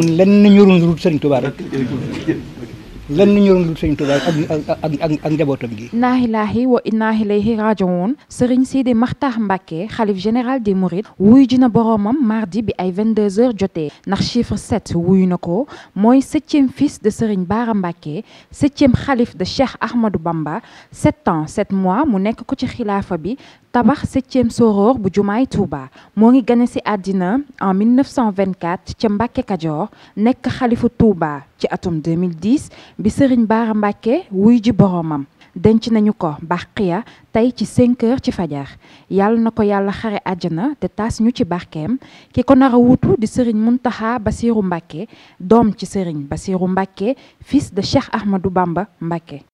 lenn ñorul dul Sëriñ Tuubaa rek lan ñu ñoroon lu sëñ Tuubaa ak ak ak njabootam gi inna lillahi wa inna ilayhi raji'un Serigne Sidi Makhtar Mbacké xalif general des Mourides wuy ji boromam mardi bi ay 22 h jotee ndax chiffre 7 wuyu na ko mooy septième fils de Serigne Bara 7e xalif de Cheikh Ahmadou Bamba 7 ans 7 mois mu nek ko ci khilafa bi tabax 7e soror bu jumaay Touba mo ngi gane ci adina en 1924 ci Mbacké kadior nek xalifu Touba ci atum 2010 bi Serigne Bara Mbacke wuy ji boroomam denc nañu ko Barqiya tey ci 5 heures ci fajar yàlla na ko yàlla xare àjjana te taas ñu ci barkeem ki ko nara a di di Serigne Mountakha basiiru Mbacke doom ci Serigne basiiru Mbacke fils de Cheikh Ahmadou Bamba Mbacke.